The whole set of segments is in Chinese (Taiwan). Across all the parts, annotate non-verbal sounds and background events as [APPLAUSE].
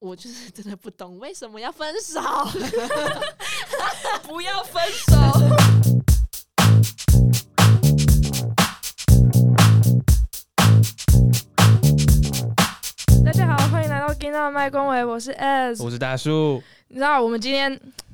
我就是真的不懂為什麼要分手， [LAUGHS] [LAUGHS] 不要分手 [MUSIC] [MUSIC] 大家好，歡迎來到《Gina 麥公偉》，我是 EZ，我是大樹。你知道我們今天，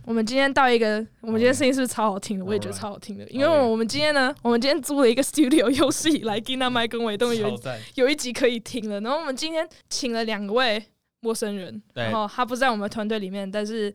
我們今天到一個，我們今天聲音是不是超好聽的？我也覺得超好聽的，Alright. 因為我們今天呢，okay. 我們今天租了一個 studio，有史以來《Gina 麥公偉》都有一有一集可以聽了。然後我們今天請了兩位。陌生人，然後他不在我們團隊裡面，但是，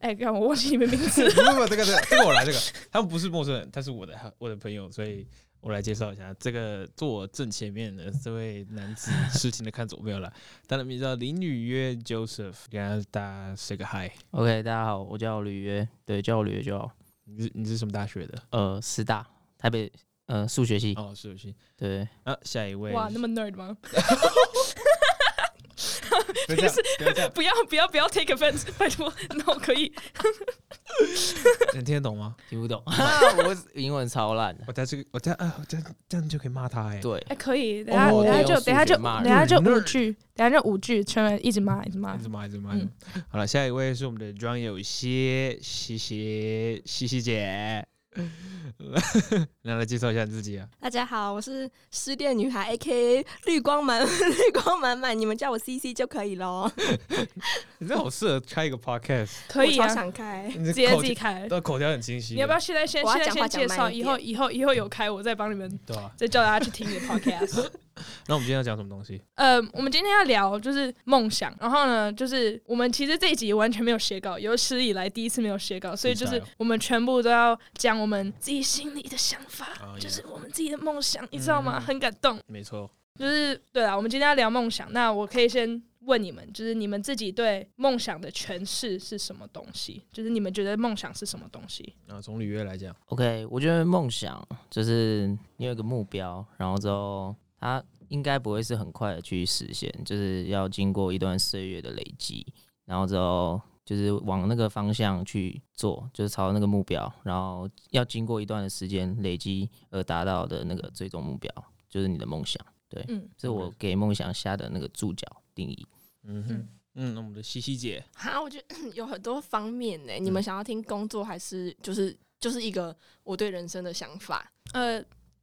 哎、嗯，讓我忘記你們名字。不不不，這個這個這個我來，這個、這個、他們不是陌生人，他是我的我的朋友，所以我來介紹一下這個坐我正前面的這位男子，深情的看着我沒有了，他的名字叫林呂約 Joseph，給大家 say 個 hi。OK，大家好，我叫呂約，對，叫我呂約就好。你是你是什麼大學的？呃，師大台北，呃，數學系。哦，數學系。對，啊，下一位。哇，那麼 nerd 嗎？ [LAUGHS] [LAUGHS] 就 [LAUGHS] 是不要不要不要，不要 take offense 拜託，那、no, 我可以。你能 [LAUGHS] 聽得懂嗎？聽不懂， [LAUGHS] 啊、我英文超爛。我在這，我這樣，我這樣、啊、我這樣這樣就可以罵他、欸。哎，對，哎、欸，可以，等下，oh, 等下，就等下就等下就五句，等下就五句，全文一直罵，一直罵，一直罵，一直罵、嗯。好了，下一位是我們的莊有希，謝謝西、西西姐。來 [LAUGHS] 來介紹一下你自己啊！大家好，我是失戀女孩 A K A 綠光滿綠光滿滿，你們叫我 C C 就可以嘍。 [LAUGHS] 你這好適合開一個 Podcast，可以、啊、我想開直接自己開，對口，口條很清晰。你要不要現在先現在先介紹，以後以後以後有開我再幫你們，對，再叫大家去聽你的 Podcast。 [LAUGHS] [LAUGHS] 那我們今天要講什麼東西？呃，我們今天要聊就是夢想。然後呢，就是我們其實這一集完全沒有寫稿，有史以來第一次沒有寫稿，所以就是我們全部都要講我們自己心裡的想法，哦、就是我們自己的夢想，你知道嗎？嗯、很感動。沒錯，就是對啊。我們今天要聊夢想。那我可以先問你們，就是你們自己對夢想的詮釋是什麼東西？就是你們覺得夢想是什麼東西？啊從呂約來講，OK，我覺得夢想就是你有一個目標，然後之後。他應該不會是很快的去實現，就是要經過一段歲月的累積，然後之後就是往那個方向去做，就是朝那個目標，然後要經過一段時間累積而達到的那個最終目標，就是你的夢想。對，嗯，這是我給夢想下的那個注腳定義。嗯哼，嗯，那我們的 CC 姐，哈，我覺得有很多方面呢、欸。你們想要聽工作，還是就是就是一個我對人生的想法？呃，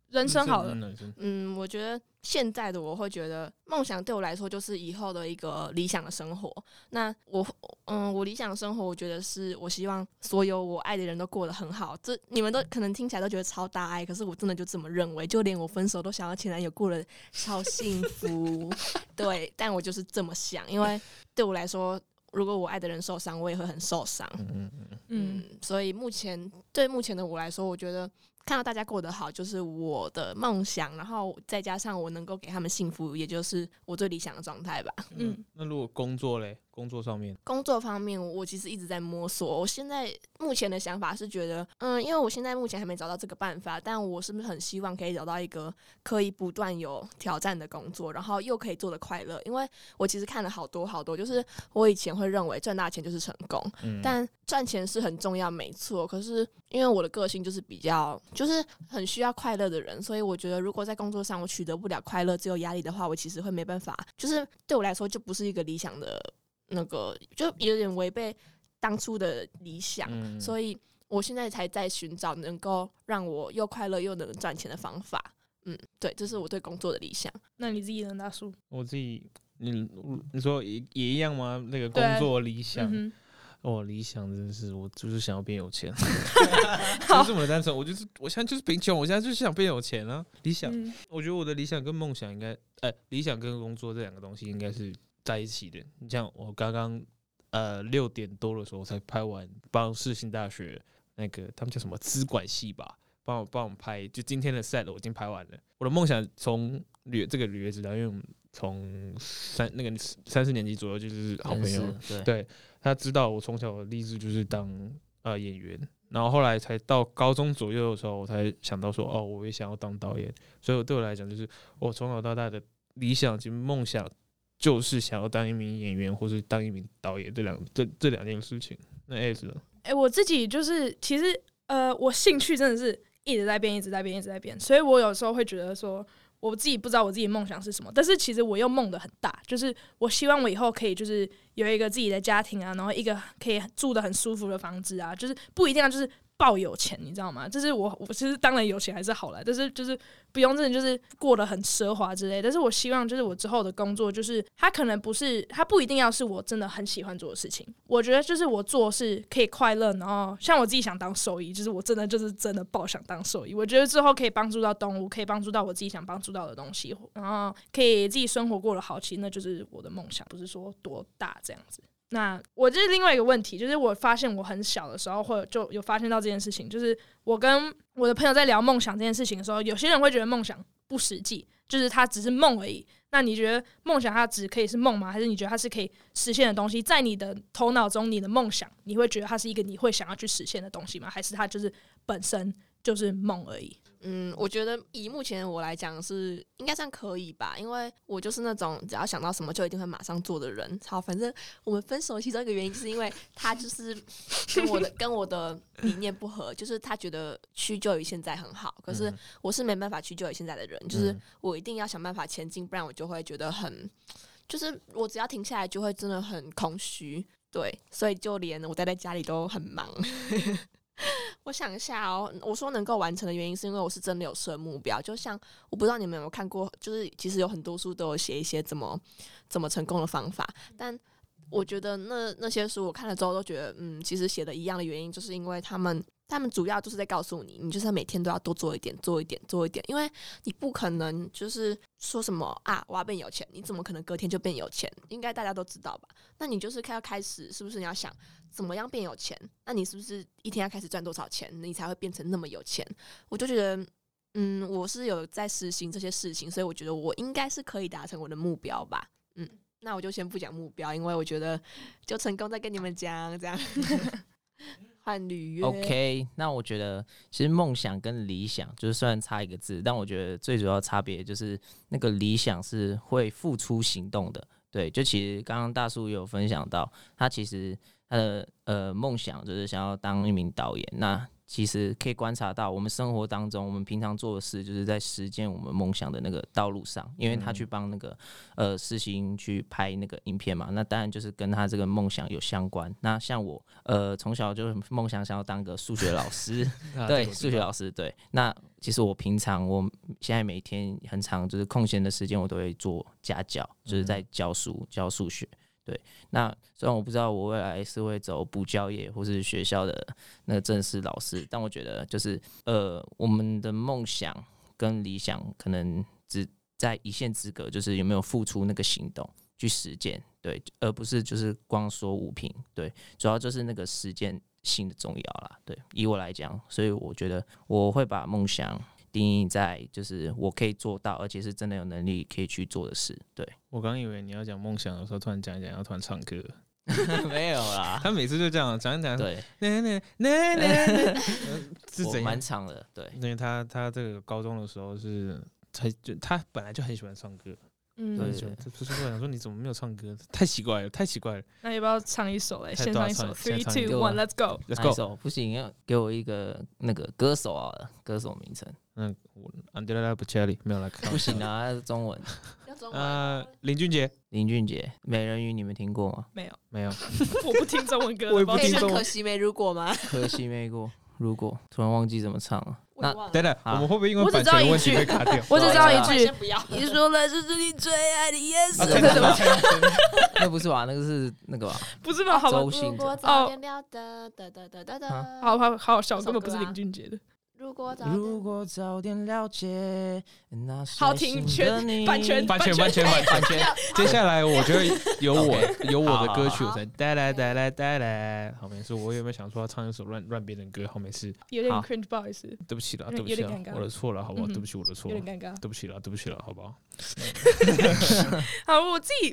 人生好了，嗯，嗯嗯我覺得。現在的我會覺得，夢想對我來說就是以後的一個理想的生活。那我，嗯，我理想的生活，我覺得是我希望所有我愛的人都過得很好。這你們都可能聽起來都覺得超大愛，可是我真的就這麼認為，就連我分手都想要前男友過得超幸福。 [LAUGHS] 對，但我就是這麼想，因為對我來說，如果我愛的人受傷，我也會很受傷。 [LAUGHS] 嗯，所以目前對目前的我來說，我覺得。看到大家過得好，就是我的夢想，然後再加上我能夠給他們幸福，也就是我最理想的狀態吧。嗯那，那如果工作嘞？工作上面，工作方面，我其實一直在摸索。我現在目前的想法是覺得，嗯，因為我現在目前還沒找到這個辦法，但我是不是很希望可以找到一個可以不斷有挑戰的工作，然後又可以做得快樂？因為我其實看了好多好多，就是我以前會認為賺大錢就是成功，但賺錢是很重要，沒錯。可是因為我的個性就是比較就是很需要快樂的人，所以我覺得如果在工作上我取得不了快樂，只有壓力的話，我其實會沒辦法，就是對我來說就不是一個理想的。那個就有點違背當初的理想，嗯，所以我現在才在尋找能夠讓我又快樂又能賺錢的方法。嗯，對，這是我對工作的理想。那你自己呢？大叔，我自己，你你說也也一樣嗎？那個工作理想，我，嗯哦，理想真的是我就是想要變有錢，就 [LAUGHS] [LAUGHS] 這麼單純。我就是我現在就是貧窮，我現在就是想變有錢啊！理想，嗯，我覺得我的理想跟夢想應該，呃，理想跟工作這兩個東西應該是。在一起的，你像我剛剛，呃，六點多的時候我才拍完，幫世新大學那個他們叫什麼資管系吧，幫我幫我拍，就今天的 set 我已經拍完了。我的夢想從呂這個呂約知道，因為我們從三那個三四年級左右就是好朋友，嗯、對，對，他知道我從小立志就是當呃演員，然後後來才到高中左右的時候，我才想到說，哦，我也想要當導演。所以對我來講，就是我從小到大的理想及夢想。就是想要當一名演員，或是當一名導演這，這兩這這兩件事情。那 S 呢？誒、欸，我自己就是，其實呃，我興趣真的是一直在變，一直在變，一直在變。所以我有時候會覺得說，我自己不知道我自己夢想是什麼。但是其實我又夢得很大，就是我希望我以後可以就是有一個自己的家庭啊，然後一個可以住得很舒服的房子啊，就是不一定要就是。抱有錢，你知道嗎？就是我，我其實當然有錢還是好啦，但是就是不用真的就是過得很奢華之類。但是我希望就是我之後的工作，就是他可能不是，他不一定要是我真的很喜歡做的事情。我覺得就是我做事可以快樂，然後像我自己想當獸醫，就是我真的就是真的抱想當獸醫。我覺得之後可以幫助到動物，可以幫助到我自己想幫助到的東西，然後可以自己生活過得好，其實那就是我的夢想，不是說多大這樣子。那我這是另外一個問題，就是我發現我很小的時候，或者就有發現到這件事情，就是我跟我的朋友在聊夢想這件事情的時候，有些人會覺得夢想不實際，就是它只是夢而已。那你覺得夢想它只可以是夢嗎？還是你覺得它是可以實現的東西？在你的頭腦中，你的夢想，你會覺得它是一個你會想要去實現的東西嗎？還是它就是本身就是夢而已？嗯，我覺得以目前我來講是應該算可以吧，因為我就是那種只要想到什麼就一定會馬上做的人。好，反正我們分手其中一個原因，是因為他就是跟我的 [LAUGHS] 跟我的理念不合，就是他覺得屈就於現在很好，可是我是沒辦法屈就於現在的人，就是我一定要想辦法前進，不然我就會覺得很，就是我只要停下來就會真的很空虛。對，所以就連我待在家裡都很忙。 [LAUGHS] 我想一下哦，我說能夠完成的原因是因為我是真的有設目標。就像我不知道你們有沒有看過，就是其實有很多書都有寫一些怎麼怎麼成功的方法，但我覺得那那些書我看了之後都覺得，嗯，其實寫的一樣的原因，就是因為他們。他們主要就是在告訴你，你就是要每天都要多做一點，做一點，做一點，因為你不可能就是說什麼啊，我要變有錢，你怎麼可能隔天就變有錢？應該大家都知道吧？那你就是要開始，是不是你要想怎麼樣變有錢？那你是不是一天要開始賺多少錢，你才會變成那麼有錢？我就覺得，嗯，我是有在實行這些事情，所以我覺得我應該是可以達成我的目標吧。嗯，那我就先不講目標，因為我覺得就成功再跟你們講這樣。 [LAUGHS] 和呂約。O.K. 那我覺得，其實夢想跟理想就是雖然差一個字，但我覺得最主要差別就是那個理想是會付出行動的。對，就其實剛剛大叔有分享到，他其實他的呃夢想就是想要當一名導演。那其實可以觀察到，我們生活當中，我們平常做的事，就是在實踐我們夢想的那個道路上。因為他去幫那個、嗯、呃，思行去拍那個影片嘛，那當然就是跟他這個夢想有相關。那像我，呃，從小就是夢想想要當個數學老師， [LAUGHS] 對，數、 [LAUGHS] 啊、學老師，對。那其實我平常，我現在每天很常就是空閒的時間，我都會做家教，嗯、就是在教書教數學。對，那雖然我不知道我未來是會走補教業或是學校的那個正式老師，但我覺得就是呃，我們的夢想跟理想可能只在一線之隔，就是有沒有付出那個行動去實踐，對，而不是就是光說無憑，對，主要就是那個實踐性的重要啦，對，以我來講，所以我覺得我會把夢想定義在就是我可以做到，而且是真的有能力可以去做的事。對。我剛以為你要講夢想的時候，突然講一講，要突然唱歌， [LAUGHS] 沒有啦。他每次就這樣講一講，對，那那那那，我蠻長的，對。因為他他這個高中的時候是，他就他本來就很喜歡唱歌，嗯，對，對，對，喜歡。他說我想說你怎麼沒有唱歌？太奇怪了，太奇怪了。那要不要唱一首嘞、欸？先唱一首，three two one，let's go，唱一首不行，給我一個，我一個那個歌手啊，歌手名稱。那安德拉不沒有來看。不行啊，是中文。 [LAUGHS] 呃，林俊傑，林俊傑，《美人魚》你們聽過嗎？ [LAUGHS] 沒有，沒有， [LAUGHS] [LAUGHS] 我不聽中文歌。我也不聽，可惜沒如果嗎？ [LAUGHS] 可惜沒過，如果突然忘記怎麼唱了。了那等等、啊，我們會不會因為版權問題卡掉？我只知道一句，你說的是最最愛的 [LAUGHS] yes okay, [LAUGHS] [LAUGHS] 那不是吧？那個是那個吧？不是吧？周星哦，好好好笑，根本不是林俊傑的。如果早點了解，那的你好聽全版權，版權，版權，版版權。接下來我覺得有我，啊、有我的歌曲我在帶來，帶、啊、來，帶來。後面是我有沒有想說要唱一首亂亂別人歌？後面是有點 cringe 不好意思，對不起了，對不起，了，我的錯了，好不好？嗯嗯對不起，我的錯，有點尷尬，對不起啦，對不起啦，好不好？ [LAUGHS] [LAUGHS] 好，我自己，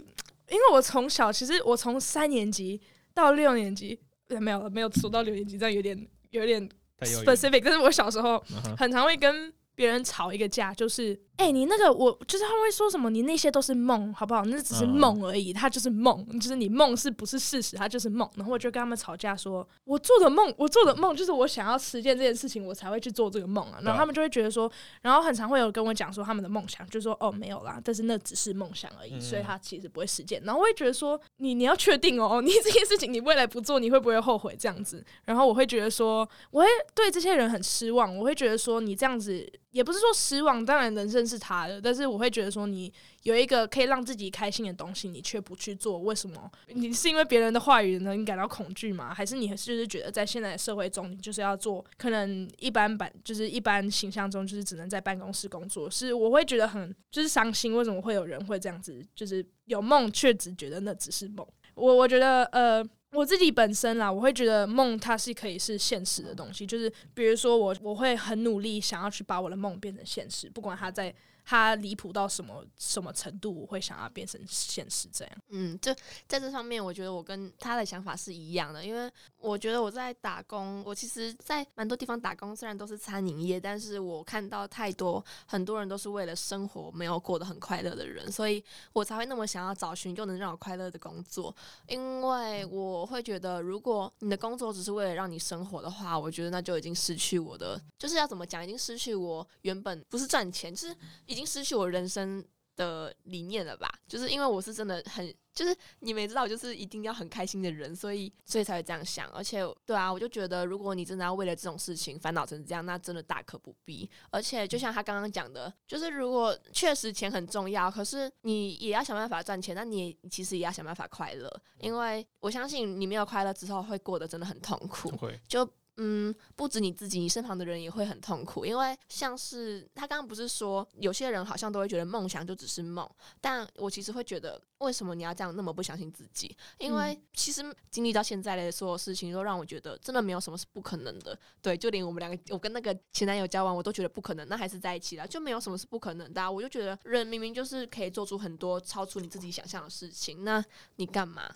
因為我從小，其實我從三年級到六年級，沒有，沒有說到六年級，這樣有點，有點。悠悠 Specific，但是我小時候，uh-huh. 很常會跟別人吵一個架，就是。欸，你那個我就是他們會說什麼？你那些都是夢，好不好？那只是夢而已，他就是夢，就是你夢是不是事實？他就是夢。然後我就跟他們吵架，說我做的夢，我做的夢就是我想要實現這件事情，我才會去做這個夢啊。然後他們就會覺得說，然後很常會有跟我講說他們的夢想，就說哦沒有啦，但是那只是夢想而已，所以他其實不會實現。然後我會覺得說，你你要確定喔，你這件事情你未來不做，你會不會後悔這樣子？然後我會覺得說，我會對這些人很失望，我會覺得說你這樣子也不是說失望，當然人生。是他的，但是我會覺得說，你有一個可以讓自己開心的東西，你卻不去做，為什麼？你是因為別人的話語讓你感到恐懼嗎？還是你還是覺得在現在的社會中，你就是要做，可能一般辦就是一般形象中，就是只能在辦公室工作？是我會覺得很就是傷心。為什麼會有人會這樣子？就是有夢卻只覺得那只是夢。我我覺得呃。我自己本身啦，我會覺得夢它是可以是現實的東西，就是比如說，我我會很努力想要去把我的夢變成現實，不管它在。他離譜到什麼什麼程度，我會想要變成現實這樣。嗯，就在這方面，我覺得我跟他的想法是一樣的，因為我覺得我在打工，我其實，在蠻多地方打工，雖然都是餐飲業，但是我看到太多很多人都是為了生活沒有過得很快樂的人，所以我才會那麼想要找尋就能讓我快樂的工作，因為我會覺得，如果你的工作只是為了讓你生活的話，我覺得那就已經失去我的，就是要怎麼講，已經失去我原本不是賺錢，就是已經失去我人生的理念了吧？就是因為我是真的很，就是你們也知道，我就是一定要很開心的人，所以所以才會這樣想。而且，對啊，我就覺得，如果你真的要為了這種事情煩惱成這樣，那真的大可不必。而且，就像他剛剛講的，就是如果確實錢很重要，可是你也要想辦法賺錢，那你也其實也要想辦法快樂，因為我相信你沒有快樂之後會過得真的很痛苦。就。嗯，不止你自己，你身旁的人也會很痛苦，因為像是他剛剛不是說，有些人好像都會覺得夢想就只是夢。但我其實會覺得，為什麼你要這樣那麼不相信自己？因為其實經歷到現在的所有事情，都讓我覺得真的沒有什麼是不可能的。對，就連我們兩個，我跟那個前男友交往，我都覺得不可能，那還是在一起了，就沒有什麼是不可能的啊。我就覺得，人明明就是可以做出很多超出你自己想象的事情，那你幹嘛？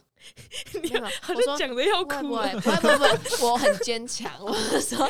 [LAUGHS] 你好像講得要哭，我說，不不不不不不，我很堅強。 [LAUGHS] 我說，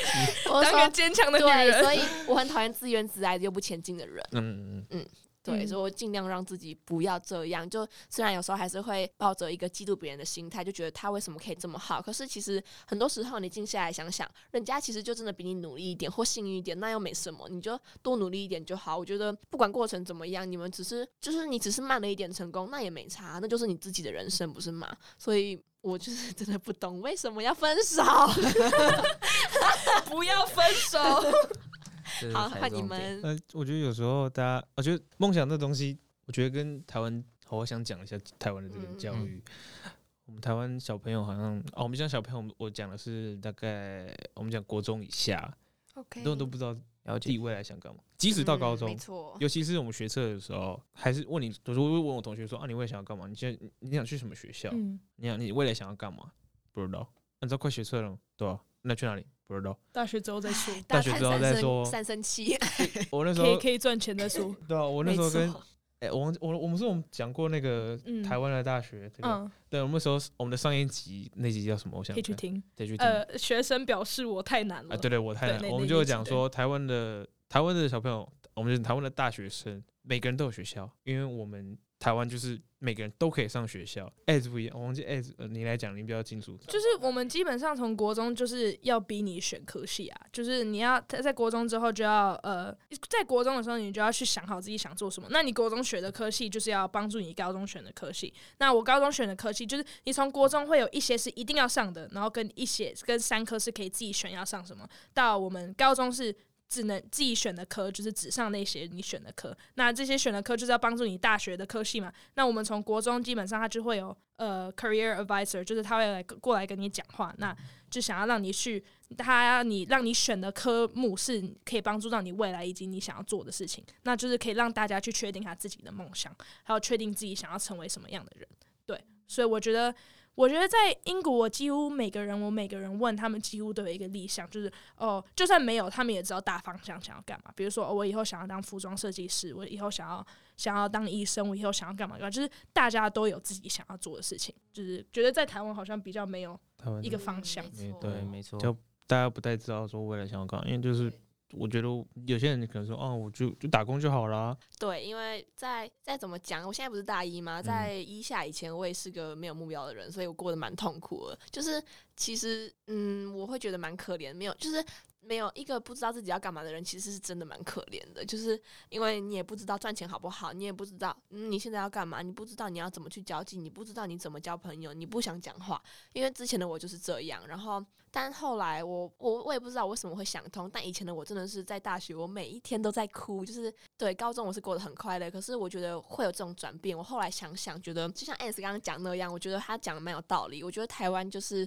我是個堅強的女人。對，所以，我很討厭自怨自艾又不前進的人。嗯嗯。對，所以我盡量讓自己不要這樣。就雖然有時候還是會抱着一個嫉妒別人的心態，就覺得他為什麼可以這麼好。可是其實很多時候你靜下來想想，人家其實就真的比你努力一點或幸運一點，那又沒什麼，你就多努力一點就好。我覺得不管過程怎麼樣，你們只是就是你只是慢了一點成功，那也沒差，那就是你自己的人生不是嗎？所以我就是真的不懂為什麼要分手 [LAUGHS] [LAUGHS] 不要分手。 [LAUGHS] 好，歡迎你們。呃，我覺得有時候大家，我覺得夢想這東西，我覺得跟台灣，我想講一下台灣的這個教育。嗯、我們台灣小朋友好像，哦，我們講小朋友，我講的是大概我們講國中以下，OK，很多人都不知道，自己未來想幹嘛。即使到高中，嗯、沒錯，尤其是我們學測的時候，還是問你，比如會問我同學說啊，你未來想要幹嘛？你現在你想去什麼學校？嗯、你想你未來想要幹嘛？不知道？你知道快學測了嗎？對吧、啊？那去哪裡？不知道，大學之後再說， [LAUGHS] 大學之後再說。三三七， [LAUGHS] 我那時候可以可以賺錢的書，對啊，我那時候跟，哎、欸，我們我我們是我們講過那個台灣的大學、這個，嗯，對，我們那時候我們的上一集那集叫什麼？我想可以去聽，可以去聽。呃，學生表示我太難了，啊、對,對對，我太難了。我們就講說台，台灣的台灣的小朋友，我們就是台灣的大學生，每個人都有學校，因為我們。台灣就是每個人都可以上學校，As 不一樣，SV, 我忘記 As，你來講，你比較清楚。就是我們基本上從國中就是要逼你選科系啊，就是你要在在國中之後就要呃，在國中的時候你就要去想好自己想做什麼。那你國中學的科系就是要幫助你高中選的科系。那我高中選的科系就是你從國中會有一些是一定要上的，然後跟一些跟三科是可以自己選要上什麼。到我們高中是。只能自己選的科，就是只上那些你選的科。那這些選的科就是要幫助你大學的科系嘛？那我們從國中基本上他就會有呃 career advisor，就是他會來過來跟你講話，那就想要讓你去他要你讓你選的科目是可以幫助到你未來以及你想要做的事情，那就是可以讓大家去確定他自己的夢想，還有確定自己想要成為什麼樣的人。對，所以我覺得。我覺得在英國，我幾乎每個人，我每個人問他們，幾乎都有一個理想，就是哦，就算沒有，他們也知道大方向想要幹嘛。比如說，哦，我以後想要當服裝設計師，我以後想要想要當醫生，我以後想要幹嘛幹嘛，就是大家都有自己想要做的事情。就是覺得在台灣好像比較沒有一個方向，沒沒對，沒錯，就大家不太知道說未來想要幹嘛，因為就是。我覺得有些人可能說，哦，我就就打工就好了。對，因為在再怎麼講，我現在不是大一嗎？在一下以前，我也是個沒有目標的人，所以我過得蠻痛苦的。就是其實，嗯，我會覺得蠻可憐。沒有，就是沒有一個不知道自己要幹嘛的人，其實是真的蠻可憐的。就是因為你也不知道賺錢好不好，你也不知道，嗯，你現在要幹嘛？你不知道你要怎麼去交際，你不知道你怎麼交朋友，你不想講話。因為之前的我就是這樣，然後。但後來我，我我我也不知道為什麼會想通。但以前的我真的是在大學，我每一天都在哭。就是對高中，我是過得很快樂。可是我覺得會有這種轉變。我後來想想，覺得就像 S 剛剛講的那樣，我覺得他講的蠻有道理。我覺得台灣就是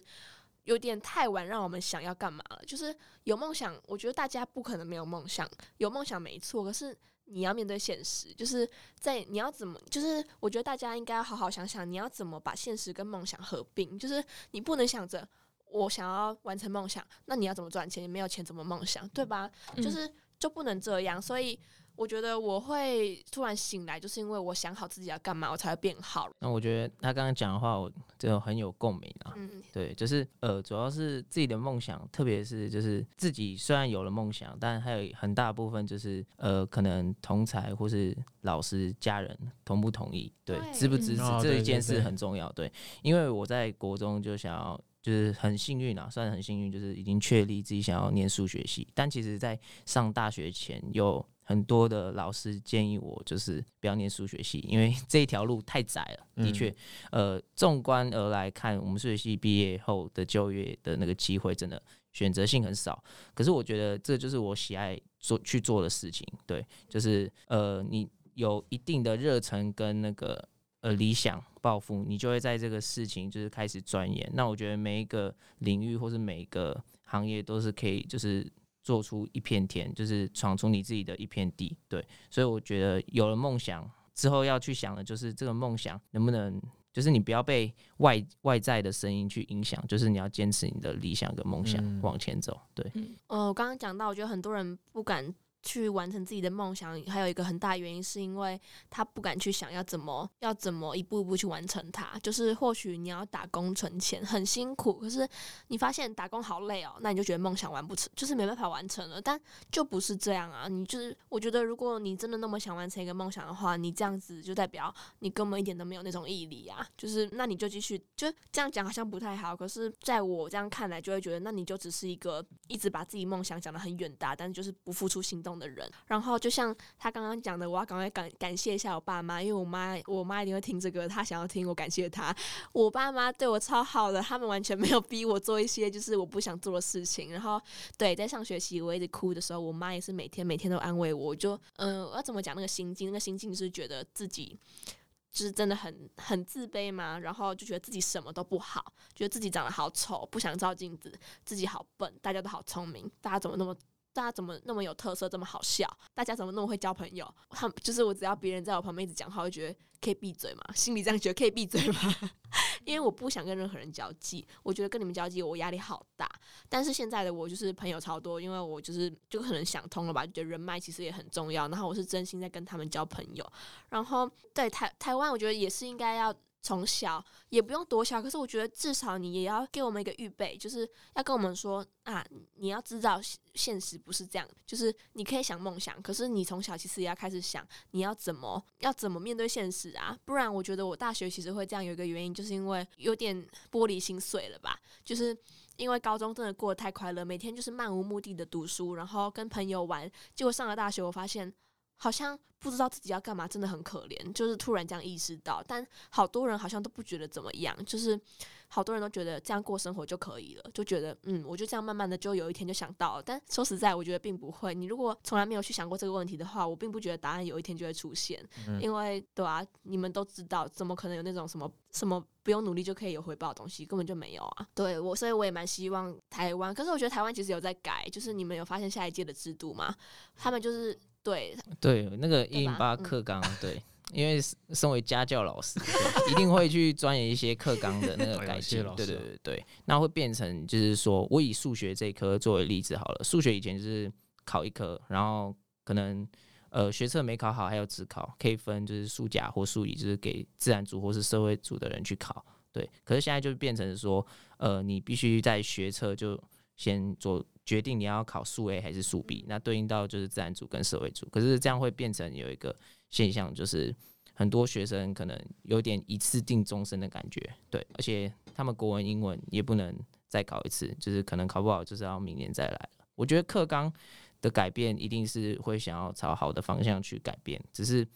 有點太晚讓我們想要幹嘛了。就是有夢想，我覺得大家不可能沒有夢想。有夢想沒錯，可是你要面對現實。就是在你要怎麼，就是我覺得大家應該好好想想，你要怎麼把現實跟夢想合併。就是你不能想着。我想要完成夢想，那你要怎麼賺錢？你沒有錢怎麼夢想，對吧？嗯、就是就不能這樣。所以我覺得我會突然醒來，就是因為我想好自己要幹嘛，我才會變好。那我覺得他剛剛講的話，我就很有共鳴啊。嗯，對，就是呃，主要是自己的夢想，特別是就是自己雖然有了夢想，但還有很大部分就是呃，可能同才或是老師、家人同不同意，對，支不支持、哦、對對對對這一件事很重要。對，因為我在國中就想要。就是很幸運啊，算是很幸運，就是已經確立自己想要念數學系。但其實，在上大學前，有很多的老師建議我，就是不要念數學系，因為這一條路太窄了。的確，嗯、呃，縱觀而來看，我們數學系畢業後的就業的那個機會，真的選擇性很少。可是我覺得，這就是我喜愛做去做的事情。對，就是呃，你有一定的熱忱跟那個。呃，理想抱負，你就會在這個事情就是開始鑽研。那我覺得每一個領域或是每一個行業都是可以，就是做出一片天，就是闖出你自己的一片地。對，所以我覺得有了夢想之後要去想的，就是這個夢想能不能，就是你不要被外外在的聲音去影響，就是你要堅持你的理想跟夢想，嗯、往前走。對，嗯、哦，我剛剛講到，我覺得很多人不敢。去完成自己的夢想，還有一個很大原因，是因為他不敢去想要怎麼要怎麼一步一步去完成它。就是或許你要打工存錢很辛苦，可是你發現打工好累哦，那你就覺得夢想完不成，就是沒辦法完成了。但就不是這樣啊，你就是我覺得，如果你真的那麼想完成一個夢想的話，你這樣子就代表你根本一點都沒有那種毅力啊。就是那你就繼續就這樣講好像不太好，可是在我這樣看來就會覺得，那你就只是一個一直把自己夢想講得很遠大，但是就是不付出行動的人，然後就像他剛剛講的，我要趕快感感謝一下我爸媽，因為我媽我媽一定會聽這個，她想要聽我感謝她。我爸媽對我超好的，他們完全沒有逼我做一些就是我不想做的事情。然後對，在上學期我一直哭的時候，我媽也是每天每天都安慰我，我就嗯、呃，我要怎麼講那個心境？那個心境是覺得自己就是真的很很自卑嘛，然後就覺得自己什麼都不好，覺得自己長得好醜，不想照鏡子，自己好笨，大家都好聰明，大家怎麼那麼？大家怎麼那麼有特色，這麼好笑？大家怎麼那麼會交朋友？他們就是我，只要別人在我旁邊一直講話，我就覺得可以閉嘴嘛，心裡這樣覺得可以閉嘴嘛，因為我不想跟任何人交際，我覺得跟你們交際我壓力好大。但是現在的我就是朋友超多，因為我就是就可能想通了吧，就覺得人脈其實也很重要。然後我是真心在跟他們交朋友。然後對，台台灣，我覺得也是應該要。從小也不用多小，可是我覺得至少你也要給我們一個預備，就是要跟我們說啊，你要知道現實不是這樣，就是你可以想夢想，可是你從小其實也要開始想你要怎麼要怎麼面對現實啊，不然我覺得我大學其實會這樣，有一個原因就是因為有點玻璃心碎了吧，就是因為高中真的過得太快樂，每天就是漫無目的的讀書，然後跟朋友玩，結果上了大學我發現。好像不知道自己要幹嘛，真的很可憐。就是突然這樣意識到，但好多人好像都不覺得怎麼樣。就是好多人都覺得這樣過生活就可以了，就覺得嗯，我就這樣慢慢的，就有一天就想到了。但說實在，我覺得並不會。你如果從來沒有去想過這個問題的話，我並不覺得答案有一天就會出現，嗯，因為對啊，你們都知道，怎麼可能有那種什麼什麼不用努力就可以有回報的東西，根本就沒有啊。對我，所以我也蠻希望台灣。可是我覺得台灣其實有在改，就是你們有發現下一屆的制度嗎？他們就是。對對，那個108課綱，對，因為身為家教老師， [LAUGHS] 一定會去鑽研一些課綱的那個改進， [LAUGHS] 對，對對對對。那會變成就是說，我以數學這一科作為例子好了，數學以前就是考一科，然後可能呃學測沒考好，還有指考，可以分就是數甲或數乙，就是給自然組或是社會組的人去考，對。可是現在就變成說，呃，你必須在學測就先做，決定你要考數 A 還是數 B，那對應到就是自然組跟社會組。可是這樣會變成有一個現象，就是很多學生可能有點一次定終身的感覺，對。而且他們國文、英文也不能再考一次，就是可能考不好，就是要明年再來。我覺得課綱的改變一定是會想要朝好的方向去改變，只是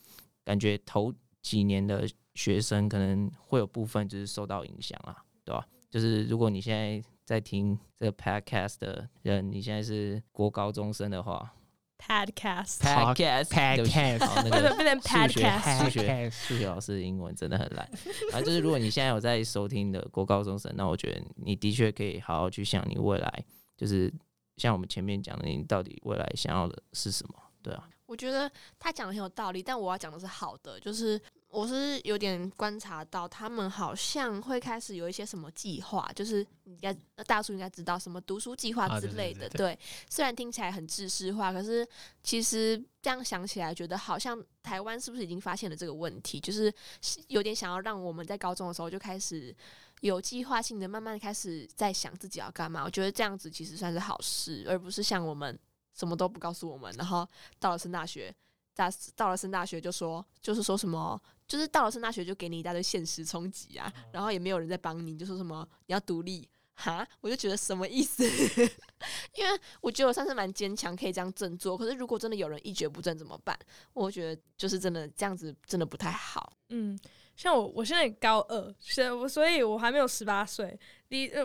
感覺頭幾年的學生可能會有部分就是受到影響啊，對吧、啊？就是如果你現在。在聽這個 podcast 的人，你現在是國高中生的話，podcast，podcast，podcast，那個數學數學數學老師的英文真的很爛。反 [LAUGHS] 正、啊、就是，如果你現在有在收聽的國高中生，那我覺得你的確可以好好去想你未來，就是像我們前面講的，你到底未來想要的是什麼？對啊，我覺得他講的很有道理，但我要講的是好的，就是。我是有點觀察到，他們好像會開始有一些什麼計劃，就是應該大樹應該知道什麼讀書計劃之類的，啊對對對對。對，雖然聽起來很知識化，可是其實這樣想起來，覺得好像台灣是不是已經發現了這個問題？就是有點想要讓我們在高中的時候就開始有計劃性的慢慢開始在想自己要幹嘛。我覺得這樣子其實算是好事，而不是像我們什麼都不告訴我們，然後到了升大學，大到了升大學就說就是說什麼。就是到了升大學，就給你一大堆現實衝擊啊、嗯，然後也沒有人在幫你，就說什麼你要獨立，哈，我就覺得什麼意思？ [LAUGHS] 因為我覺得我算是蠻堅強，可以這樣振作。可是如果真的有人一蹶不振怎麼辦？我覺得就是真的這樣子，真的不太好。嗯，像我我現在也高二，所以我所以我還沒有十八歲。你呃，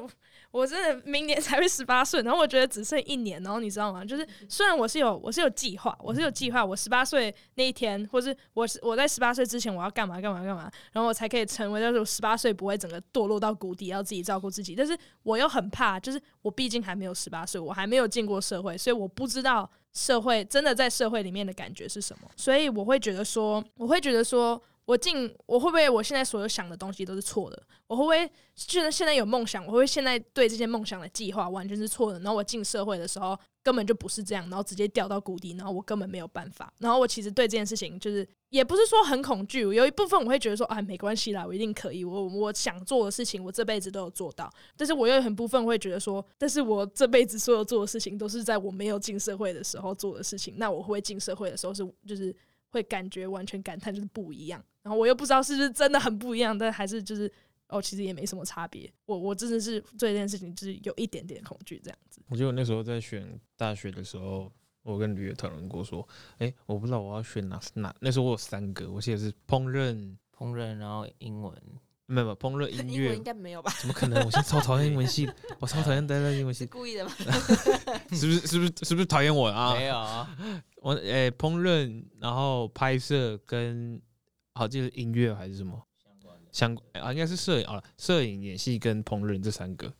我真的明年才會十八歲，然後我覺得只剩一年，然後你知道嗎？就是雖然我是有我是有計劃，我是有計劃，我十八歲那一天，或是我是我在十八歲之前我要幹嘛幹嘛幹嘛，然後我才可以成為那種十八歲不會整個墮落到谷底，要自己照顧自己。但是我又很怕，就是我畢竟還沒有十八歲，我還沒有進過社會，所以我不知道社會真的在社會裡面的感覺是什麼，所以我會覺得說，我會覺得說。我進，我會不會我現在所有想的東西都是錯的？我會不會就是現在有夢想，我會不會現在對這些夢想的計劃完全是錯的？然後我進社會的時候根本就不是這樣，然後直接掉到谷底，然後我根本沒有辦法。然後我其實對這件事情就是也不是說很恐懼，有一部分我會覺得說，哎、啊，沒關係啦，我一定可以。我我想做的事情，我這輩子都有做到。但是我又很部分會覺得說，但是我這輩子所有做的事情都是在我沒有進社會的時候做的事情，那我會進社會的時候是就是會感覺完全感嘆就是不一樣。然後我又不知道是不是真的很不一樣，但還是就是哦，其實也沒什麼差別。我我真的是做這一件事情，就是有一點點恐懼這樣子。我記得我那時候在選大學的時候，我跟呂約討論過說，哎，我不知道我要選哪哪。那時候我有三個，我寫的是烹飪，烹飪，然後英文，沒有沒有烹飪，音樂應該沒有吧？怎麼可能？我現在超討厭英文系， [LAUGHS] 我超討厭待在英文系。呃、故意的吧？ [LAUGHS] [LAUGHS] 是不是是不是是不是討厭我啊？沒有啊，我誒、欸，烹飪，然後拍攝跟。好，就是音樂還是什麼相關，相關？啊，應該是攝影啊，攝影、演戲跟烹飪這三個。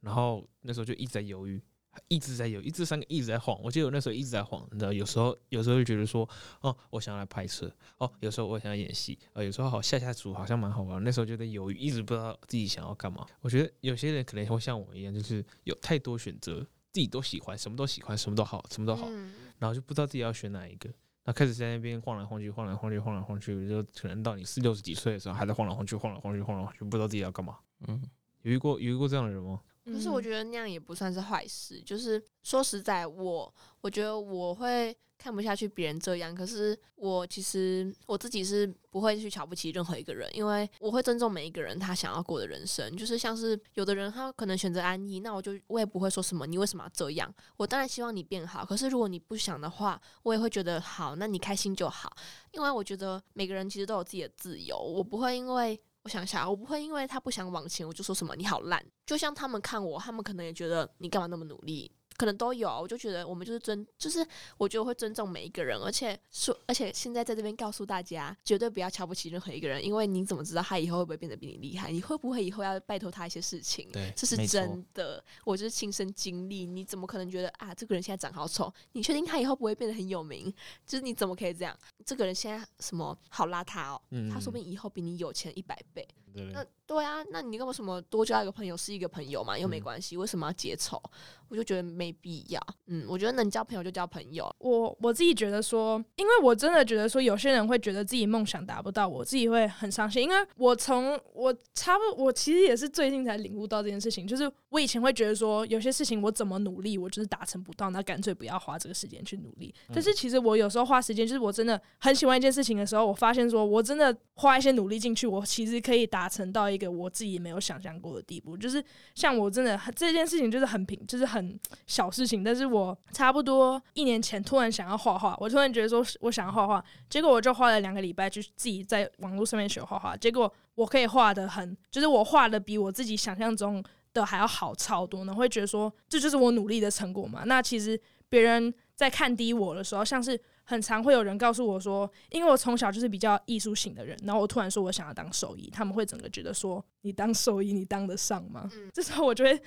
然後那時候就一直在猶豫，一直在猶豫，這三個一直在晃。我記得我那時候一直在晃，你知道，有時候有時候就覺得說，哦，我想要來拍攝，哦，有時候我想要演戲，啊、哦，有時候好下下廚好像蠻好玩。那時候就在猶豫，一直不知道自己想要幹嘛。我覺得有些人可能會像我一樣，就是有太多選擇，自己都喜歡，什麼都喜歡，什麼都好，什麼都好，嗯、然後就不知道自己要選哪一個。他開始在那邊晃來晃去，晃來晃去，晃來晃去，就可能到你四六十幾歲的時候，還在晃來晃去，晃來晃去，晃來晃去，不知道自己要幹嘛。嗯，有遇過有遇過這樣的人嗎？嗯。可是我覺得那樣也不算是壞事。就是說實在我，我我覺得我會。看不下去別人這樣，可是我其實我自己是不會去瞧不起任何一個人，因為我會尊重每一個人他想要過的人生。就是像是有的人他可能選擇安逸，那我就我也不會說什麼你為什麼要這樣。我當然希望你變好，可是如果你不想的話，我也會覺得好，那你開心就好。因為我覺得每個人其實都有自己的自由，我不會因為我想想，我不會因為他不想往前我就說什麼你好爛。就像他們看我，他們可能也覺得你幹嘛那麼努力。可能都有，我就覺得我們就是尊，就是我覺得會尊重每一個人，而且說，而且現在在這邊告訴大家，絕對不要瞧不起任何一個人，因為你怎麼知道他以後會不會變得比你厲害？你會不會以後要拜託他一些事情？對，這是真的，我就是親身經歷。你怎麼可能覺得啊，這個人現在長好醜？你確定他以後不會變得很有名？就是你怎麼可以這樣？這個人現在什麼好邋遢哦。嗯，他說不定以後比你有錢一百倍。對。那對啊，那你跟我什麼多交一個朋友是一個朋友嘛，又沒關係。嗯，為什麼要結仇？我就覺得沒必要。嗯，我覺得能交朋友就交朋友。我我自己覺得說，因為我真的覺得說，有些人會覺得自己夢想達不到我，我自己會很傷心。因為我從我差不多，我其實也是最近才領悟到這件事情，就是我以前會覺得說，有些事情我怎麼努力，我就是達成不到，那乾脆不要花這個時間去努力。但是其實我有時候花時間，就是我真的很喜歡一件事情的時候，我發現說我真的花一些努力進去，我其實可以達成到一。一個我自己也沒有想象過的地步，就是像我真的這件事情，就是很平，就是很小事情。但是我差不多一年前突然想要畫畫，我突然覺得說我要想畫畫，結果我就花了兩個禮拜，就自己在網絡上面學畫畫，結果我可以畫的很，就是我畫的比我自己想象中的還要好超多呢。會覺得說這就是我努力的成果嘛？那其實別人在看低我的時候，像是。很常會有人告訴我說，因為我從小就是比較藝術型的人，然後我突然說我想要當獸醫，他們會整個覺得說你當獸醫你當得上嗎？這時候我就會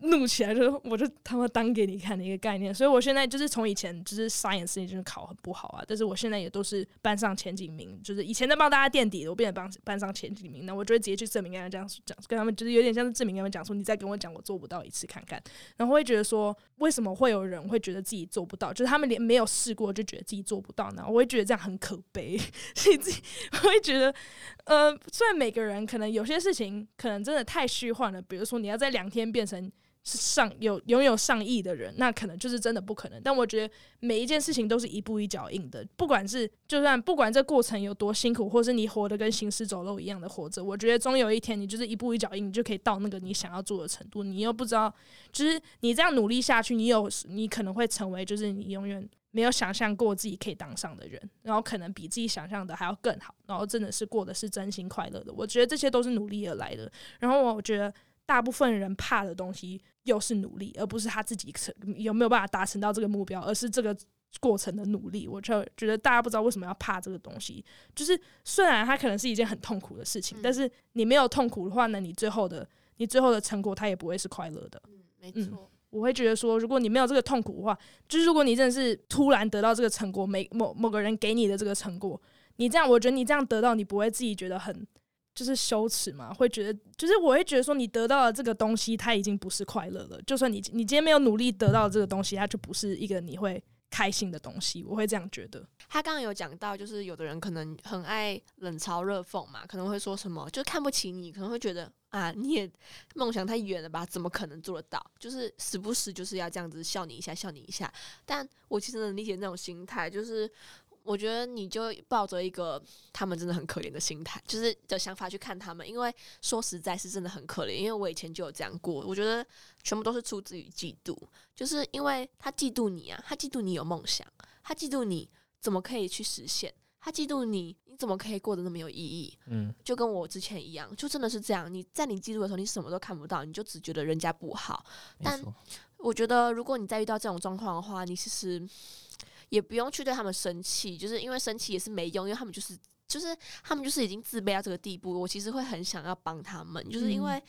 怒起來、就是，就我就他媽當給你看的一個概念。所以我現在就是從以前就是 science，你真的考很不好啊，但是我現在也都是班上前幾名，就是以前在幫大家墊底的，我變得幫班上前幾名。那我就會直接去證明跟他這樣講，跟他們就是有點像是證明他們講說，你再跟我講我做不到一次看看，然後會覺得說為什麼會有人會覺得自己做不到，就是他們連沒有試過就覺得自己做不到呢，我會覺得這樣很可悲。所以自己，我會覺得，呃，雖然每個人可能有些事情可能真的太虛幻了，比如說你要在兩天變成是上有擁有上億的人，那可能就是真的不可能。但我覺得每一件事情都是一步一腳印的，不管是就算不管這過程有多辛苦，或是你活得跟行屍走肉一樣的活着，我覺得終有一天你就是一步一腳印，你就可以到那個你想要做的程度。你又不知道，就是你這樣努力下去，你有你可能會成為，就是你永遠。沒有想象過自己可以當上的人，然後可能比自己想象的還要更好，然後真的是過的是真心快樂的。我覺得這些都是努力而來的。然後我覺得大部分人怕的東西，又是努力，而不是他自己有沒有辦法達成到這個目標，而是這個過程的努力。我就覺得大家不知道為什麼要怕這個東西，就是雖然它可能是一件很痛苦的事情，嗯，但是你沒有痛苦的話呢，你最後的你最後的成果，它也不會是快樂的。嗯，沒錯。嗯。我會覺得說，如果你沒有這個痛苦的話，就是如果你真的是突然得到這個成果，某某某個人給你的這個成果，你這樣，我覺得你這樣得到，你不會自己覺得很就是羞恥嘛？會覺得，就是我會覺得說，你得到的這個東西，它已經不是快樂了。就算你你今天沒有努力得到這個東西，它就不是一個你會開心的東西。我會這樣覺得。他剛剛有講到，就是有的人可能很愛冷嘲熱諷嘛，可能會說什麼，就看不起你，可能會覺得。啊，你也夢想太遠了吧？怎麼可能做得到？就是時不時就是要這樣子笑你一下，笑你一下。但我其實能理解那種心態，就是我覺得你就抱着一個他們真的很可憐的心態，就是的想法去看他們。因為說實在，是真的很可憐。因為我以前就有這樣過，我覺得全部都是出自於嫉妒，就是因為他嫉妒你啊，他嫉妒你有夢想，他嫉妒你怎麼可以去實現。他嫉妒你，你怎麼可以過得那麼有意義？嗯，就跟我之前一樣，就真的是這樣。你在你嫉妒的時候，你什麼都看不到，你就只覺得人家不好。但我覺得，如果你再遇到這種狀況的話，你其實也不用去對他們生氣，就是因為生氣也是沒用，因為他們就是就是他們就是已經自卑到這個地步。我其實會很想要幫他們，嗯、就是因為。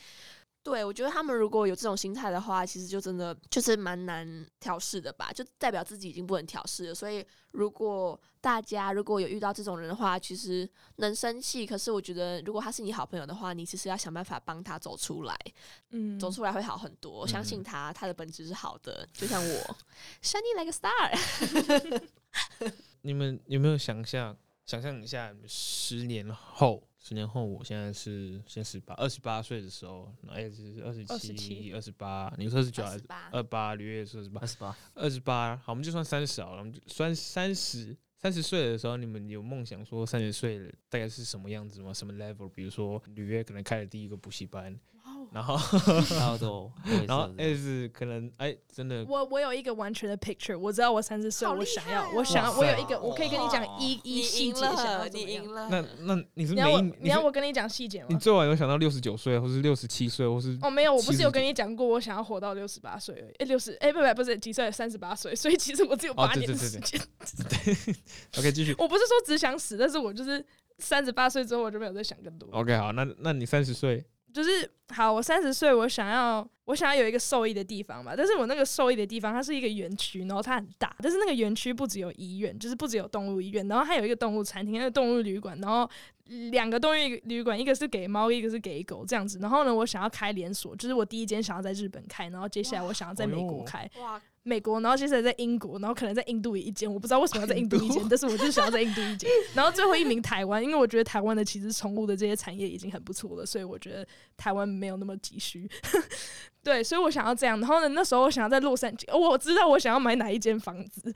對，我覺得他們如果有這種心態的話，其實就真的就是蠻難調適的吧，就代表自己已經不能調適了。所以，如果大家如果有遇到這種人的話，其實能生氣。可是，我覺得如果他是你好朋友的話，你其實要想辦法幫他走出來。嗯，走出來會好很多。我相信他，他的本質是好的。就像我、嗯、，Shiny like a star。你們有沒有想象、想象一下十年後？十年後，我現在是現在是二十八歲的時候，那也就是二十七、二十八。你說是九還是二八，二八，呂約是二十八。二十八，二十八。好，我們就算三十好了，我們就算三十三十歲的時候，你們有夢想說三十歲大概是什麼樣子嗎？什麼 level？比如說呂約可能開了第一個補習班。然後， [LAUGHS] 然後就然後可能， [LAUGHS] 哎，真的，我我有一個完全的 picture，我知道我三十歲，哦，我想要，我想要，我有一個，我可以跟你講一一細節，你贏了，那那你是沒你要我你是？你要我跟你講細節嗎？你最晚有想到六十九歲，或是六十七歲，或是？哦，沒有，我不是有跟你講過，我想要活到六十八歲而已，哎，六十，哎，不不是幾歲？三十八歲，所以其實我只有八年的時間。 [LAUGHS] 對，okay，繼續。我不是說只想死，但是我就是三十八歲之後，我就沒有再想更多。OK，好，那那你三十歲。就是好，我三十歲，我想要我想要有一個獸醫的地方嘛。但是我那個獸醫的地方，它是一個園區，然後它很大。但是那個園區不只有醫院，就是不只有動物醫院，然後還有一個動物餐廳，那個動物旅館。然後兩個動物旅館，一個是給貓，一個是給狗這樣子。然後呢，我想要開連鎖，就是我第一間想要在日本開，然後接下來我想要在美國開。哇哦美國，然後現在在英國，然後可能在印度也一間，我不知道為什麼要在印度一間，但是我就想要在印度一間。 [LAUGHS] 然後最後一名台灣，因為我覺得台灣的其實寵物的這些產業已經很不錯了，所以我覺得台灣沒有那麼急需。 [LAUGHS] 對，所以我想要這樣。然後呢，那時候我想要在洛杉磯，我知道我想要買哪一間房子。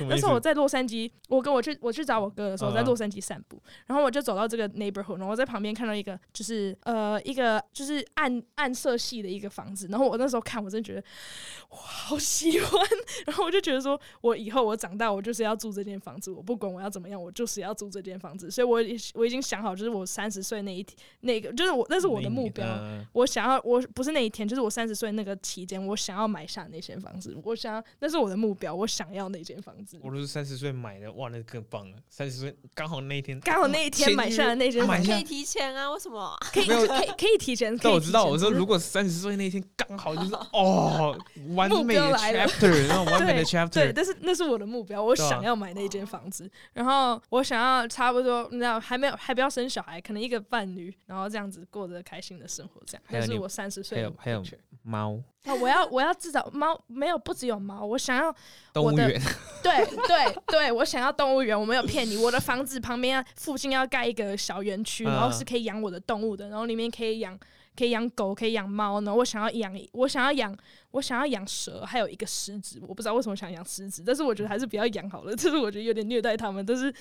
[LAUGHS] 那時候我在洛杉磯，我跟我去我去找我哥的時候，在洛杉磯散步，uh -huh. 然後我就走到這個 neighborhood，然後我在旁邊看到一個，就是呃，一個就是暗暗色系的一個房子。然後我那時候看，我真的覺得好喜歡。然後我就覺得說，我以後我長大，我就是要住這間房子，我不管我要怎麼樣，我就是要住這間房子。所以我已我已經想好就、那個，就是我三十歲那一天，那個就是我那是我的目標。我想要我不是那一天，就是我。三十歲那個期間，我想要買下那間房子，我想要，那是我的目標，我想要那間房子。我都是三十歲買的，哇，那更、個、棒了！三十歲剛好那一天，剛好那一天買下的那間房子可以提前啊？為什麼？可以， [LAUGHS] 可以，可以，可以提前。但我知道，我，知道我說，如果三十歲那一天剛 [LAUGHS] 好就是哦，完美來了，chapter, [LAUGHS] 對，然後完美的 chapter，對，但是那是我的目標，我想要買那間房子，啊，然後我想要差不多，你知道，還沒有，還不要生小孩，可能一個伴侶，然後這樣子過着開心的生活，這樣。那、就是我三十歲，還有還有。Feature, 貓啊、哦！我要我要至少貓沒有不只有貓，我想要我的動物園。對對對，我想要動物園。我沒有騙你，我的房子旁邊、啊、附近要蓋一個小園區，然後是可以養我的動物的，然後裡面可以養可以養狗，可以養貓。然後我想要養我想要養我想要養蛇，還有一個獅子。我不知道為什麼想養獅子，但是我覺得還是不要養好了。就是我覺得有點虐待他們，但是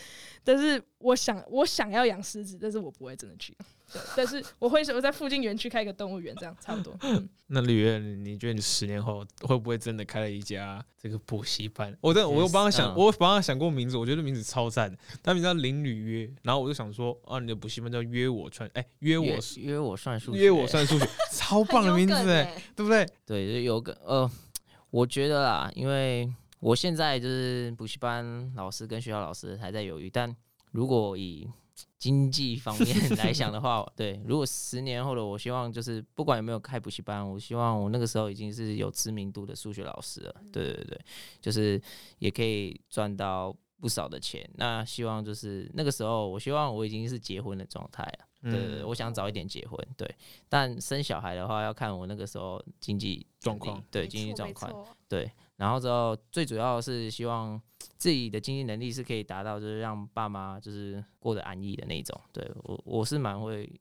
但是我想我想要養獅子，但是我不會真的去。對，但是我會什麼在附近園區開一個動物園，這樣差不多。嗯、 [LAUGHS] 那呂約，你覺得你十年後會不會真的開了一家這個補習班？我在，我又幫他想，嗯、我幫他想過名字，我覺得名字超贊，他名字叫林呂約，然後我就想說，啊，你的補習班叫約我算，哎、欸，約我約我算數，約我算數學，超棒的名字哎 [LAUGHS] 對不對？對，就有個呃，我覺得啦，因為我現在就是補習班老師跟學校老師還在猶豫，但如果以經濟方面來講的話， [LAUGHS] 對，如果十年後的我希望就是不管有沒有開補習班，我希望我那個時候已經是有知名度的數學老師了。嗯。對對對，就是也可以賺到不少的錢。那希望就是那個時候，我希望我已經是結婚的狀態了。對、嗯、對，我想早一點結婚。對，但生小孩的話要看我那個時候經濟狀況。對，經濟狀況。對。然後之後，最主要是希望自己的經濟能力是可以達到，就是讓爸媽就是過得安逸的那種。對我，我是蠻會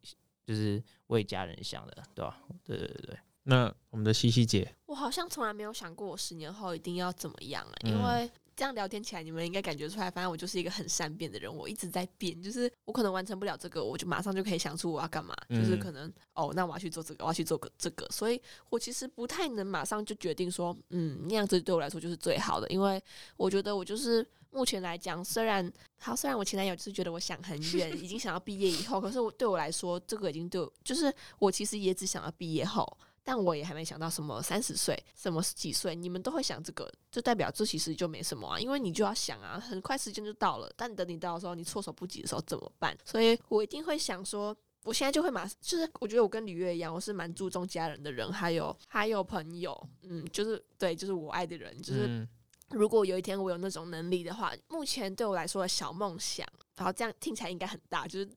就是為家人想的，對吧、啊。對對對。那我們的西西姐，我好像從來沒有想過我十年後一定要怎麼樣了、嗯，因為。這樣聊天起來，你們應該感覺出來，反正我就是一個很善變的人，我一直在變，就是我可能完成不了這個，我就馬上就可以想出我要幹嘛，就是可能、嗯、哦，那我要去做這個，我要去做個這個，所以我其實不太能馬上就決定說，嗯，那樣子對我來說就是最好的，因為我覺得我就是目前來講，雖然好，雖然我前男友是覺得我想很遠， [LAUGHS] 已經想要畢業以後，可是我對我來說，這個已經對，就是我其實也只想要畢業後。但我也還沒想到什麼三十歲，什麼幾歲，你們都會想這個，就代表這其實就沒什麼啊，因為你就要想啊，很快時間就到了，但等你到時候，你措手不及的時候怎麼辦？所以我一定會想說，我現在就會馬上，就是我覺得我跟呂約一樣，我是蠻注重家人的人，還有還有朋友，嗯，就是對，就是我愛的人，就是如果有一天我有那種能力的話，目前對我來說的小夢想，然後這樣聽起來應該很大，就是。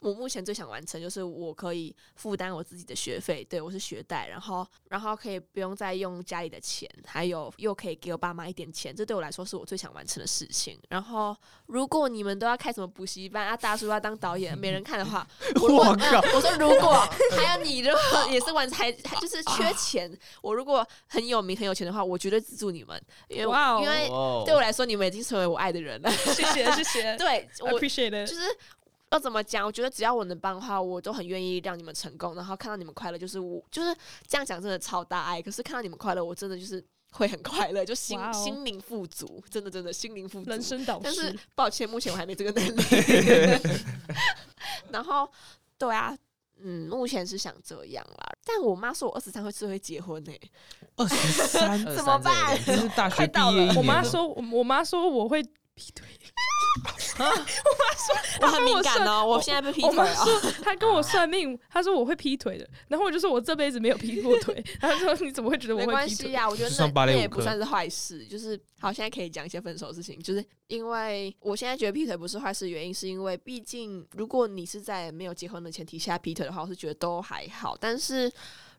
我目前最想完成就是我可以負擔我自己的學費，對我是學貸，然後然後可以不用再用家裡的錢，還有又可以給我爸媽一點錢，這對我來說是我最想完成的事情。然後如果你們都要開什麼補習班啊，大叔要、啊、當導演沒人看的話，我靠、嗯、我說如果還有你如果也是玩才就是缺錢，我如果很有名很有錢的話，我絕對資助你們，因為因為對我來說你們已經成為我愛的人了。謝謝謝謝， [LAUGHS] 對我就是。要怎麼講？我覺得只要我能幫的話，我都很願意讓你們成功，然後看到你們快樂。就是我就是這樣講，真的超大愛。可是看到你們快樂，我真的就是會很快樂，就心、哦、心靈富足。真的真的心靈富足人生導師。但是抱歉，目前我還沒這個能力。 [LAUGHS] [LAUGHS] [LAUGHS] 然後對啊，嗯，目前是想這樣啦。但我媽說我二十三歲是結婚呢、欸。二十三怎麼辦？快 [LAUGHS] 到了。 [LAUGHS] 我媽說，我媽說我會劈腿。 [LAUGHS] 啊！我媽說，她跟我，說我，我很敏感哦，我現在被劈腿了。他跟我算命，他說我會劈腿的，然後我就說我這輩子沒有劈過腿。 [LAUGHS] 他說，你怎麼會覺得我會劈腿？沒關係呀，啊，我覺得那，那也不算是壞事。就是好，現在可以講一些分手的事情。就是因為我現在覺得劈腿不是壞事，原因是因為畢竟如果你是在沒有結婚的前提下劈腿的話，我是覺得都還好。但是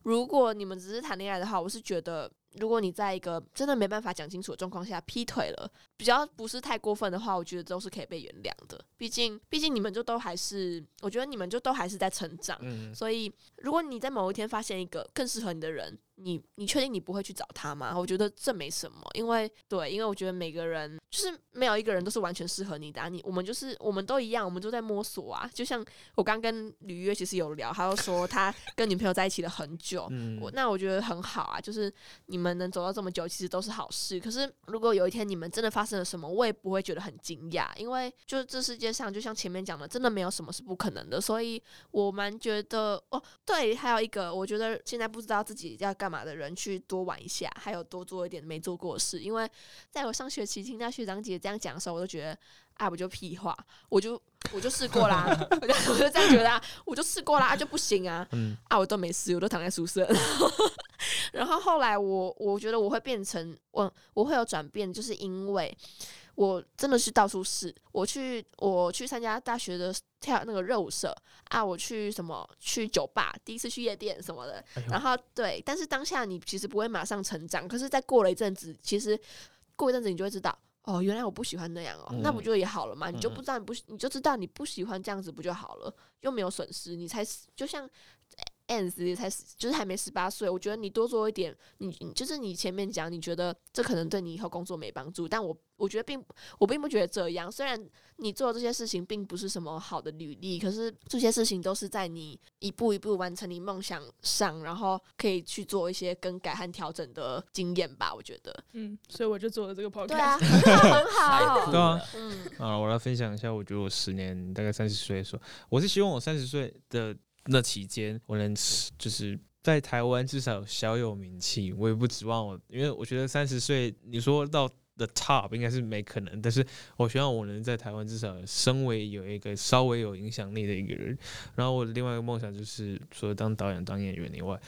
如果你們只是談戀愛的話，我是覺得。如果你在一個真的沒辦法講清楚的狀況下劈腿了，比較不是太過分的話，我覺得都是可以被原諒的。畢竟，畢竟你們就都還是，我覺得你們就都還是在成長。嗯，所以如果你在某一天發現一個更適合你的人。你你確定你不會去找他嗎？我覺得這沒什麼，因為對，因為我覺得每個人就是沒有一個人都是完全適合你的啊。你，我們就是我們都一樣，我們都在摸索啊。就像我剛跟呂約其實有聊，他又說他跟女朋友在一起了很久， [LAUGHS] 我那我覺得很好啊，就是你們能走到這麼久，其實都是好事。可是如果有一天你們真的發生了什麼，我也不會覺得很驚訝，因為就是這世界上就像前面講的，真的沒有什麼是不可能的。所以我們覺得哦，對，還有一個，我覺得現在不知道自己要幹嘛的人去多玩一下，還有多做一點沒做過的事。因為在我上學期聽到學長姐這樣講的時候，我都覺得啊，我就屁話，我就我就試過啦，啊， [LAUGHS] 我就這樣覺得，啊，我就試過啦，啊，就不行啊，嗯、啊，我都沒試，我都躺在宿舍。然後、然後後來我我覺得我會變成我我會有轉變，就是因為。我真的是到處試，我去我去參加大學的跳那個熱舞社啊，我去什麼去酒吧，第一次去夜店什麼的、哎，然後對，但是當下你其實不會馬上成長，可是再過了一陣子，其實過一陣子你就會知道，哦，原來我不喜歡那樣哦，嗯、那不就也好了嘛？你就不知道你不，你就知道你不喜歡這樣子，不就好了？又沒有損失，你才就像。ans 才十，就是還沒十八歲。我覺得你多做一點，你你就是你前面講，你覺得這可能對你以後工作沒幫助，但我我覺得並我並不覺得這樣。雖然你做這些事情並不是什麼好的履歷，可是這些事情都是在你一步一步完成你夢想上，然後可以去做一些更改和調整的經驗吧。我覺得，嗯，所以我就做了這個 p o 對 c a 很好，對啊，嗯，好，我來分享一下。我覺得我十年大概三十歲的時候，我是希望我三十歲的。那期間，我能就是在台灣至少小有名氣。我也不指望我，因為我覺得三十歲你說到 the top 應該是沒可能。但是我希望我能在台灣至少身為有一個稍微有影響力的一個人。然後我的另外一個夢想就是除了當導演、當演員以外。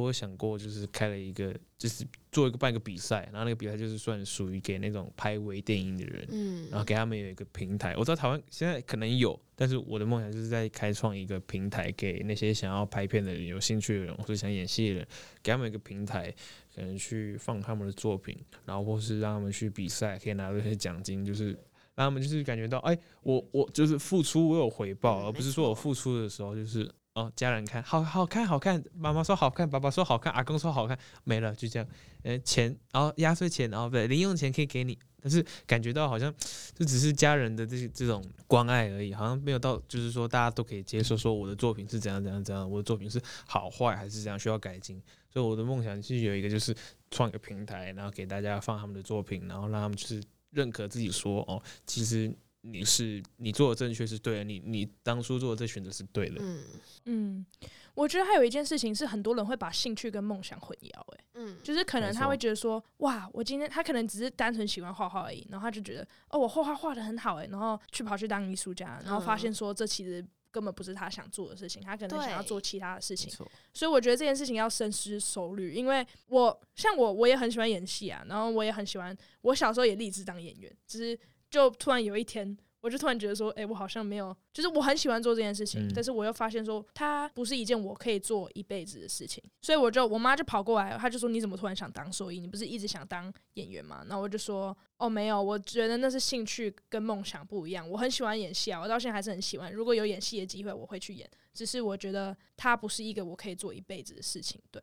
我想過，就是開了一個，就是做一個辦一個比賽，然後那個比賽就是算屬於給那種拍微電影的人，嗯，然後給他們有一個平台。我知道台灣現在可能有，但是我的夢想就是在開創一個平台，給那些想要拍片的人、有興趣的人或者想演戲的人，給他們一個平台，可能去放他們的作品，然後或是讓他們去比賽，可以拿到一些獎金，就是讓他們就是感覺到，哎、欸，我我就是付出，我有回報，而不是說我付出的時候就是。哦，家人看，好好看，好看。媽媽說好看，爸爸說好看，阿公說好看，沒了，就這樣。呃，錢，哦，壓歲錢，然後對，零用錢可以給你，但是感覺到好像這只是家人的這這種關愛而已，好像沒有到就是說大家都可以接受，說我的作品是怎樣怎樣怎樣，我的作品是好壞還是怎樣需要改進。所以我的夢想其實有一個就是創一個平台，然後給大家放他們的作品，然後讓他們去認可自己說，說哦，其實。你是你做的正確是對的，你你當初做的這選擇是對的。嗯嗯，我覺得還有一件事情是很多人會把興趣跟夢想混淆、欸，誒，嗯，就是可能他會覺得說，哇，我今天他可能只是單純喜歡畫畫而已，然後他就覺得，哦，我畫畫畫的很好、欸，誒，然後去跑去當藝術家，然後發現說這其實根本不是他想做的事情，他可能想要做其他的事情。所以我覺得這件事情要深思熟慮，因為我像我我也很喜歡演戲啊，然後我也很喜歡，我小時候也立志當演員，只、就是。就突然有一天，我就突然覺得說，誒、欸，我好像沒有，就是我很喜歡做這件事情，嗯、但是我又發現說，它不是一件我可以做一輩子的事情，所以我就我媽就跑過來，她就說：“你怎麼突然想當獸醫？你不是一直想當演員嗎？”然後我就說：“哦，沒有，我覺得那是興趣跟夢想不一樣，我很喜歡演戲啊，我到現在還是很喜歡，如果有演戲的機會，我會去演。只是我覺得它不是一個我可以做一輩子的事情。”對。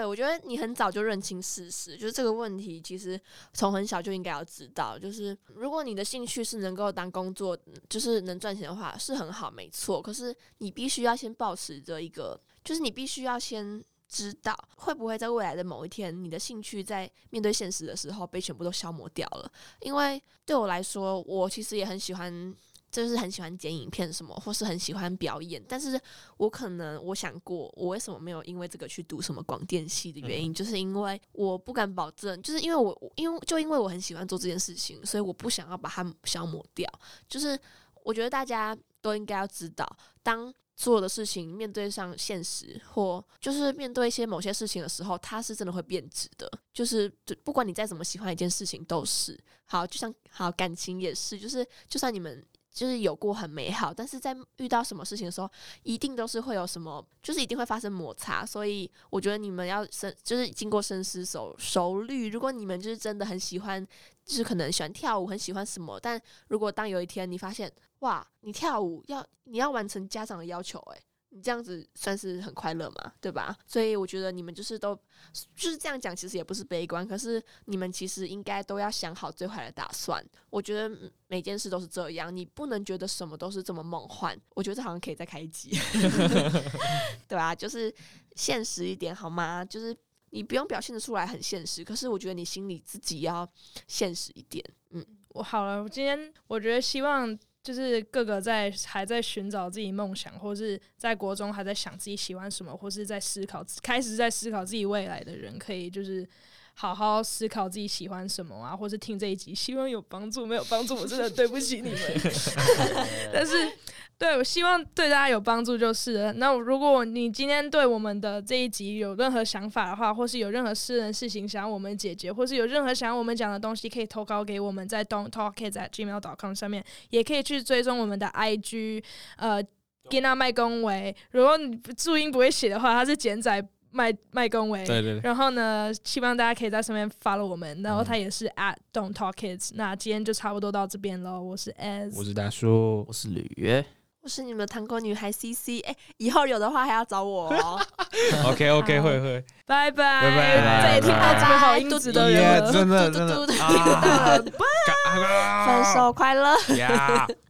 對，我覺得你很早就認清事實，就是這個問題，其實從很小就應該要知道。就是如果你的興趣是能夠當工作，就是能賺錢的話，是很好，沒錯。可是你必須要先保持着一個，就是你必須要先知道，會不會在未來的某一天，你的興趣在面對現實的時候被全部都消磨掉了。因為對我來說，我其實也很喜歡。就是很喜歡剪影片什麼，或是很喜歡表演。但是我可能我想過，我為什麼沒有因為這個去讀什麼廣電系的原因，就是因為我不敢保證，就是因為我，我因為就因為我很喜歡做這件事情，所以我不想要把它消磨掉。就是我覺得大家都應該要知道，當做的事情面對上現實，或就是面對一些某些事情的時候，它是真的會變質的。就是就不管你再怎麼喜歡一件事情，都是好。就像好感情也是，就是就算你們。就是有過很美好，但是在遇到什麼事情的時候，一定都是會有什麼，就是一定會發生摩擦。所以我覺得你們要深，就是經過深思熟熟慮。如果你們就是真的很喜歡，就是可能喜歡跳舞，很喜歡什麼，但如果當有一天你發現，哇，你跳舞要你要完成家長的要求、欸，誒。你這樣子算是很快樂嘛，對吧？所以我覺得你們就是都就是這樣講，其實也不是悲觀。可是你們其實應該都要想好最壞的打算。我覺得每件事都是這樣，你不能覺得什麼都是這麼夢幻。我覺得這好像可以再開一集， [LAUGHS] 對吧、啊？就是現實一點好嗎？就是你不用表現得出來很現實，可是我覺得你心裡自己要現實一點。嗯，我好了，我今天我覺得希望。就是各個在還在尋找自己夢想，或是在國中還在想自己喜歡什麼，或是在思考，開始在思考自己未來的人，可以就是。好好思考自己喜歡什麼啊，或是聽這一集，希望有幫助，沒有幫助我真的對不起你們。 [LAUGHS] 但是，對，我希望對大家有幫助就是。那如果你今天對我們的這一集有任何想法的話，或是有任何私人事情想要我們解決，或是有任何想要我們講的東西，可以投稿給我們在 don't talk it at gmail.com 上面，也可以去追蹤我們的 IG，呃，Gina 麥公維。如果你注音不會寫的話，它是簡仔。麥麥公維，然後呢，希望大家可以在上面 follow 我們、嗯，然後他也是 at don't talk kids。那今天就差不多到這邊嘍。我是 S，我是大樹，我是呂約，我是你們糖果女孩 CC。哎，以後有的話還要找我、哦。 [LAUGHS] OK OK，好會會，拜拜，拜拜，對，聽到大家好音質都，yeah, 都有了，真的真的，拜 [LAUGHS] 拜、啊 [LAUGHS] 啊 [LAUGHS] 啊，分手快樂。Yeah.